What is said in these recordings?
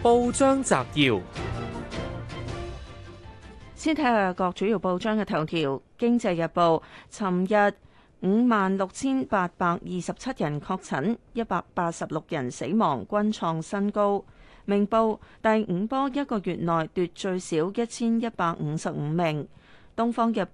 報章摘要，先睇下各主要報章嘅頭條。《經濟日報》日：尋日五萬六千八百二十七人確診，一百八十六人死亡，均創新高。《明報》：第五波一個月內奪最少一千一百五十五名。《東方日報》：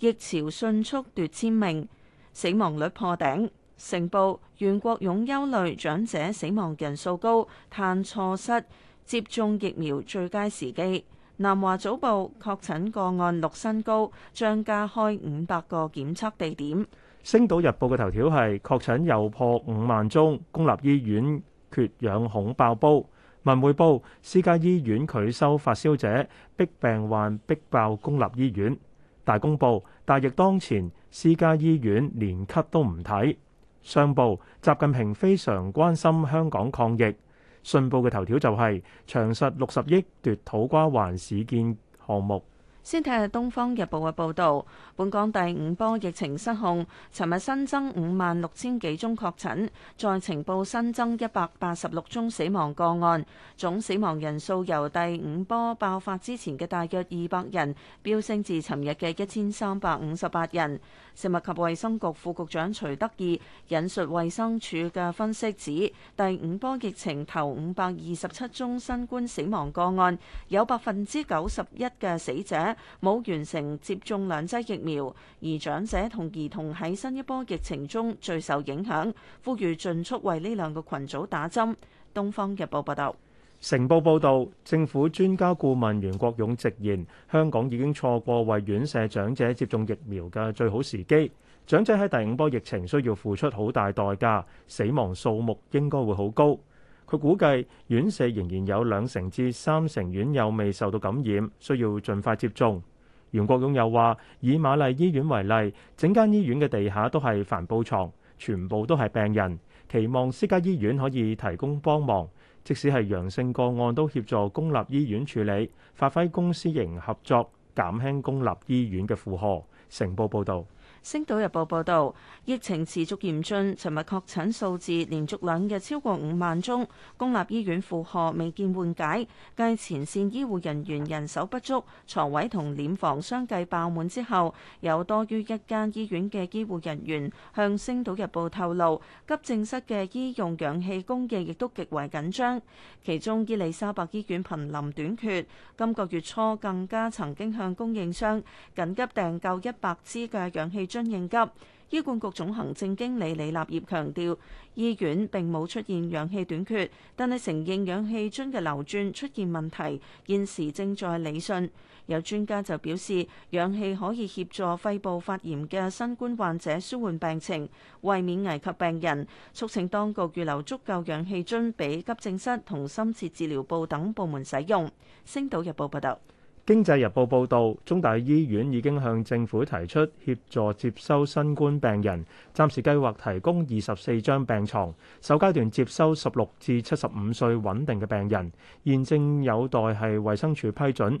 疫潮迅速奪千名，死亡率破頂。成報，袁國勇憂慮長者死亡人數高，探錯失接種疫苗最佳時機。南華早報，確診個案六新高，將加開五百個檢測地點。星島日報嘅頭條係確診又破五萬宗，公立醫院缺氧恐爆煲。文匯報，私家醫院拒收發燒者，逼病患逼爆公立醫院。大公報，大疫當前，私家醫院連咳都唔睇。上報習近平非常關心香港抗疫，信報嘅頭條就係長實六十億奪土瓜灣市建項目。先睇下《東方日報》嘅報道。本港第五波疫情失控，尋日新增五萬六千幾宗確診。再呈報新增一百八十六宗死亡個案，總死亡人數由第五波爆發之前嘅大約二百人，飆升至尋日嘅一千三百五十八人。食物及衛生局副局長徐德義引述衛生署嘅分析指，第五波疫情頭五百二十七宗新冠死亡個案，有百分之九十一嘅死者，冇完成接種兩劑疫苗，而長者同兒童喺新一波疫情中最受影響，呼籲盡速為呢兩個群組打針。東方日報報道，成報報道，政府專家顧問袁國勇直言，香港已經錯過為院舍長者接種疫苗嘅最好時機，長者喺第五波疫情需要付出好大代價，死亡數目應該會好高。佢估計院舍仍然有兩成至三成院友未受到感染，需要盡快接種。袁國勇又話：以瑪麗醫院為例，整間醫院嘅地下都係帆布牀，全部都係病人。期望私家醫院可以提供幫忙，即使係陽性個案都協助公立醫院處理，發揮公私營合作，減輕公立醫院嘅負荷。成報報導。《星島日報》報導，疫情持續嚴峻，尋日確診數字連續兩日超過五萬宗，公立醫院負荷未見緩解。繼前線醫護人員人手不足、床位同殮房相繼爆滿之後，有多於一間醫院嘅醫護人員向《星島日報》透露，急症室嘅醫用氧氣供應亦都極為緊張。其中伊利沙伯醫院瀕臨短缺，今個月初更加曾經向供應商緊急訂購一百支嘅氧氣樽應急，醫管局總行政經理李立業強調，醫院並冇出現氧氣短缺，但係承認氧氣樽嘅流轉出現問題，現時正在理順。有專家就表示，氧氣可以協助肺部發炎嘅新冠患者舒緩病情，為免危及病人，促請當局預留足夠氧氣樽俾急症室同深切治療部等部門使用。星島日報報道。經濟日報報導，中大醫院已經向政府提出協助接收新冠病人，暫時計劃提供二十四張病床，首階段接收十六至七十五歲穩定嘅病人，現正有待係衛生署批准。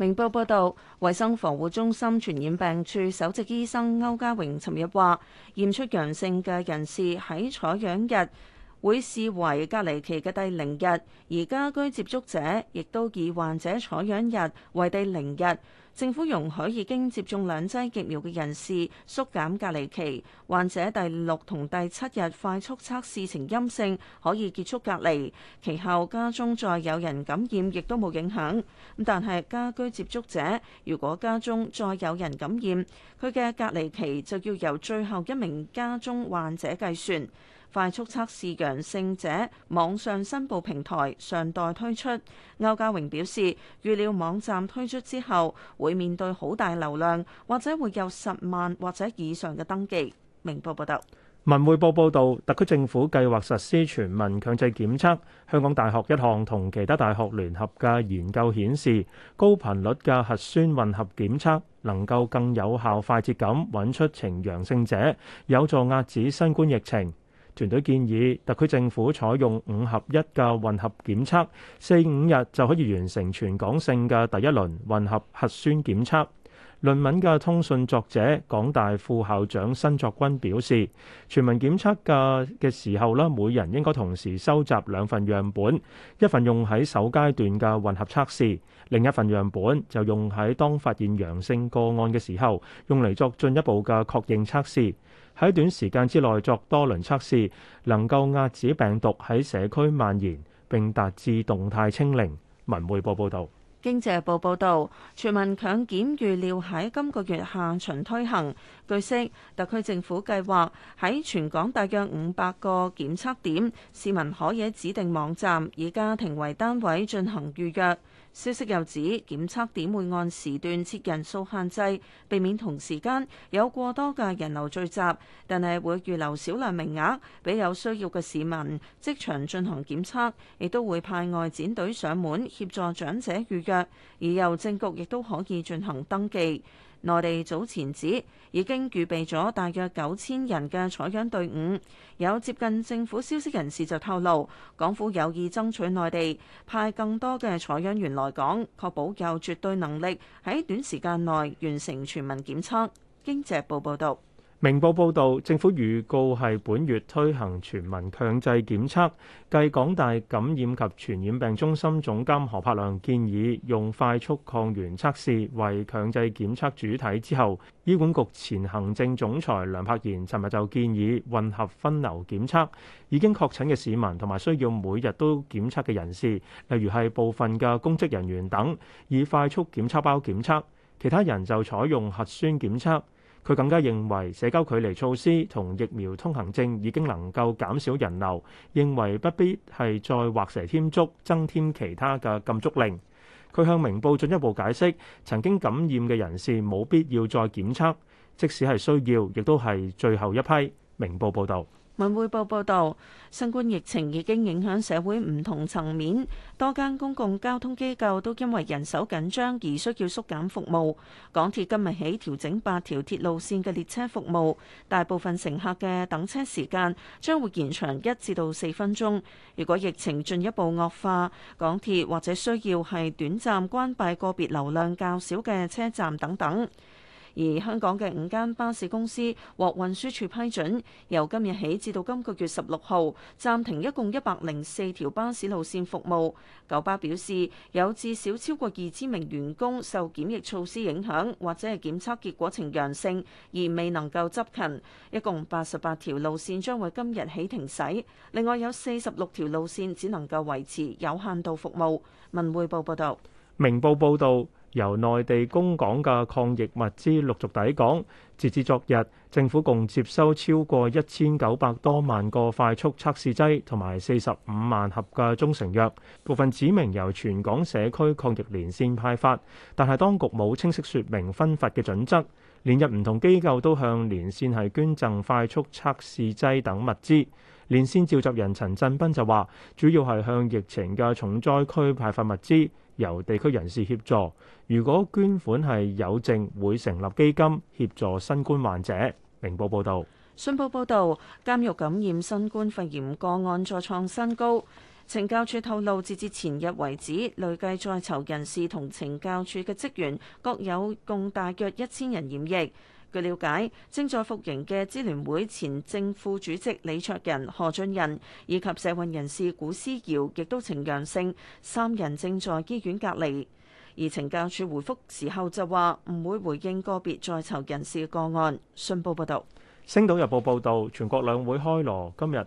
明報報導，衞生防護中心傳染病處首席醫生歐家榮尋日話，驗出陽性嘅人士喺採樣日會視為隔離期嘅第零日，而家居接觸者亦都以患者採樣日為第零日。政府容許已經接種兩劑疫苗嘅人士縮減隔離期，患者第六同第七日快速測試呈陰性可以結束隔離，其後家中再有人感染亦都冇影響。咁但係家居接觸者如果家中再有人感染，佢嘅隔離期就要由最後一名家中患者計算。快速測試陽性者網上申報平台尚待推出，歐家榮表示預料網站推出之後會面對好大流量，或者會有十萬或者以上嘅登記。明報報道，文匯報報道，特區政府計劃實施全民強制檢測。香港大學一項同其他大學聯合嘅研究顯示，高頻率嘅核酸混合檢測能夠更有效、快捷咁搵出呈陽性者，有助壓止新冠疫情。團隊建議特區政府採用五合一嘅混合檢測，四五日就可以完成全港性嘅第一輪混合核酸檢測。論文嘅通訊作者、港大副校長申作軍表示，全民檢測嘅嘅時候咧，每人應該同時收集兩份樣本，一份用喺首階段嘅混合測試，另一份樣本就用喺當發現陽性個案嘅時候，用嚟作進一步嘅確認測試。喺短時間之內作多輪測試，能夠壓止病毒喺社區蔓延，並達至動態清零。文匯報報道。《經濟日報》報道，全民強檢預料喺今個月下旬推行。據悉，特區政府計劃喺全港大約五百個檢測點，市民可以喺指定網站以家庭為單位進行預約。消息又指，檢測點會按時段設人數限制，避免同時間有過多嘅人流聚集，但係會預留少量名額，俾有需要嘅市民即場進行檢測，亦都會派外展隊上門協助長者預約，而郵政局亦都可以進行登記。內地早前指已經預備咗大約九千人嘅採樣隊伍，有接近政府消息人士就透露，港府有意爭取內地派更多嘅採樣員來港，確保有絕對能力喺短時間內完成全民檢測。經濟報報道。明報報導，政府預告係本月推行全民強制檢測。繼港大感染及傳染病中心總監何柏良建議用快速抗原測試為強制檢測主體之後，醫管局前行政總裁梁柏賢尋日就建議混合分流檢測。已經確診嘅市民同埋需要每日都檢測嘅人士，例如係部分嘅公職人員等，以快速檢測包檢測；其他人就採用核酸檢測。佢更加認為社交距離措施同疫苗通行證已經能夠減少人流，認為不必係再畫蛇添足，增添其他嘅禁足令。佢向明報進一步解釋，曾經感染嘅人士冇必要再檢測，即使係需要，亦都係最後一批。明報報導。文匯報報道，新冠疫情已經影響社會唔同層面，多間公共交通機構都因為人手緊張而需要縮減服務。港鐵今日起調整八條鐵路綫嘅列車服務，大部分乘客嘅等車時間將會延長一至到四分鐘。如果疫情進一步惡化，港鐵或者需要係短暫關閉個別流量較少嘅車站等等。而香港嘅五間巴士公司獲運輸署批准，由今日起至到今個月十六號暫停一共一百零四條巴士路線服務。九巴表示，有至少超過二千名員工受檢疫措施影響，或者係檢測結果呈陽性而未能夠執勤。一共八十八條路線將會今日起停駛，另外有四十六條路線只能夠維持有限度服務。文匯報報道。明報報導。由內地供港嘅抗疫物資陸續抵港，截至昨日，政府共接收超過一千九百多萬個快速測試劑同埋四十五萬盒嘅中成藥，部分指明由全港社區抗疫連線派發，但係當局冇清晰説明分發嘅準則。連日唔同機構都向連線係捐贈快速測試劑等物資，連線召集人陳振斌就話，主要係向疫情嘅重災區派發物資。由地區人士協助，如果捐款係有證，會成立基金協助新冠患者。明報報道：「信報報道，監獄感染新冠肺炎個案再創新高。懲教處透露，截至前日為止，累計在囚人士同懲教處嘅職員各有共大約一千人染疫。據了解，正在服刑嘅支聯會前正副主席李卓人、何俊仁以及社運人士古思堯，亦都呈陽性，三人正在醫院隔離。而懲教署回覆時候就話唔會回應個別在囚人士嘅個案。信報報道，《星島日報》報道，全國兩會開鑼今日。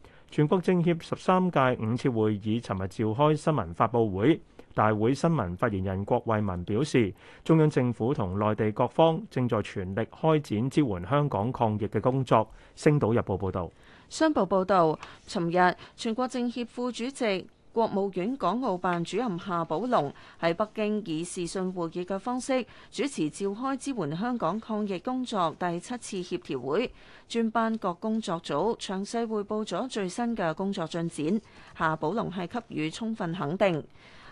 全國政協十三屆五次會議尋日召開新聞發佈會，大會新聞發言人郭惠文表示，中央政府同內地各方正在全力開展支援香港抗疫嘅工作。星島日報報道。商報報道：尋日全國政協副主席。國務院港澳辦主任夏寶龍喺北京以視訊會議嘅方式主持召開支援香港抗疫工作第七次協調會，專班各工作組詳細匯報咗最新嘅工作進展。夏寶龍係給予充分肯定。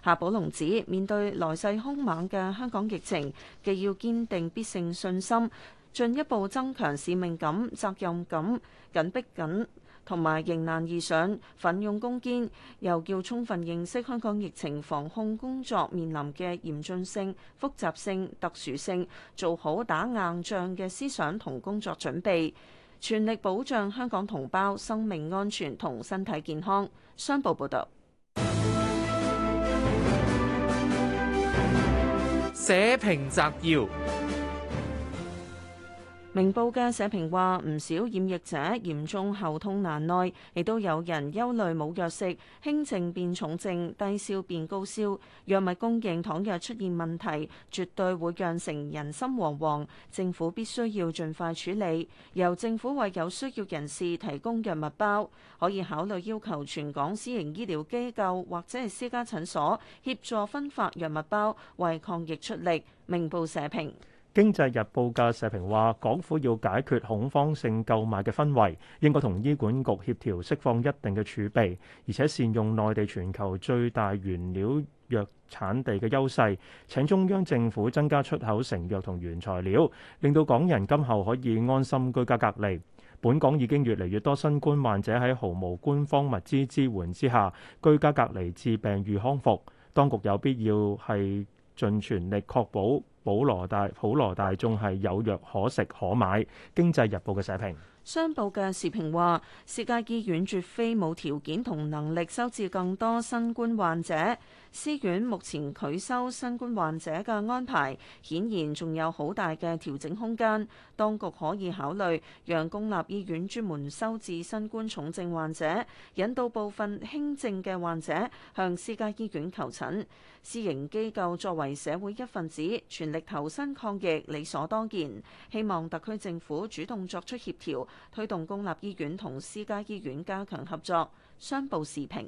夏寶龍指，面對來勢兇猛嘅香港疫情，既要堅定必勝信心，進一步增強使命感、責任感，緊逼緊。同埋迎難而上、奮勇攻堅，又叫充分認識香港疫情防控工作面臨嘅嚴峻性、複雜性、特殊性，做好打硬仗嘅思想同工作準備，全力保障香港同胞生命安全同身體健康。商報報道。社評摘要。明報嘅社評話，唔少染疫者嚴重喉痛難耐，亦都有人憂慮冇藥食，輕症變重症，低燒變高燒，藥物供應倘若出現問題，絕對會釀成人心惶惶。政府必須要盡快處理，由政府為有需要人士提供藥物包，可以考慮要求全港私營醫療機構或者係私家診所協助分發藥物包，為抗疫出力。明報社評。《經濟日報》嘅社評話，港府要解決恐慌性購買嘅氛圍，應該同醫管局協調釋放一定嘅儲備，而且善用內地全球最大原料藥產地嘅優勢，請中央政府增加出口成藥同原材料，令到港人今後可以安心居家隔離。本港已經越嚟越多新冠患者喺毫無官方物資支援之下居家隔離治病與康復，當局有必要係盡全力確保普羅大普羅大眾係有藥可食可買，《經濟日報》嘅社評。商報嘅時評話：世界醫院絕非冇條件同能力收治更多新冠患者。私院目前拒收新冠患者嘅安排，顯然仲有好大嘅調整空間，當局可以考慮讓公立醫院專門收治新冠重症患者，引導部分輕症嘅患者向私家醫院求診，私營機構作為社會一份子，全力投身抗疫理所當然。希望特區政府主動作出協調，推動公立醫院同私家醫院加強合作，商報時評。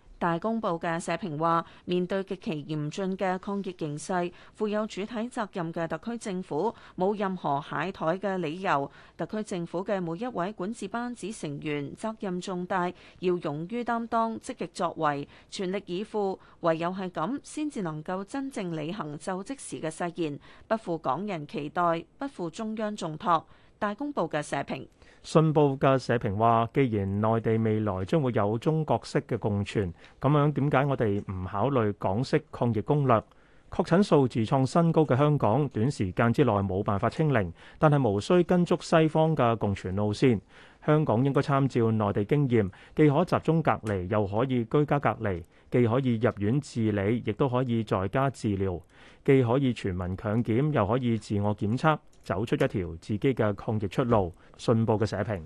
大公報嘅社評話：面對極其嚴峻嘅抗疫形勢，負有主體責任嘅特區政府冇任何懈怠嘅理由。特區政府嘅每一位管治班子成員，責任重大，要勇於擔當，積極作為，全力以赴。唯有係咁，先至能夠真正履行就職時嘅誓言，不負港人期待，不負中央重託。大公報嘅社評。信報嘅社評話，既然內地未來將會有中國式嘅共存，咁樣點解我哋唔考慮港式抗疫攻略？確診數字創新高嘅香港，短時間之內冇辦法清零，但係無需跟足西方嘅共存路線。香港應該參照內地經驗，既可集中隔離，又可以居家隔離，既可以入院治理，亦都可以在家治療，既可以全民強檢，又可以自我檢測。走出一條自己嘅抗疫出路，信報嘅社評。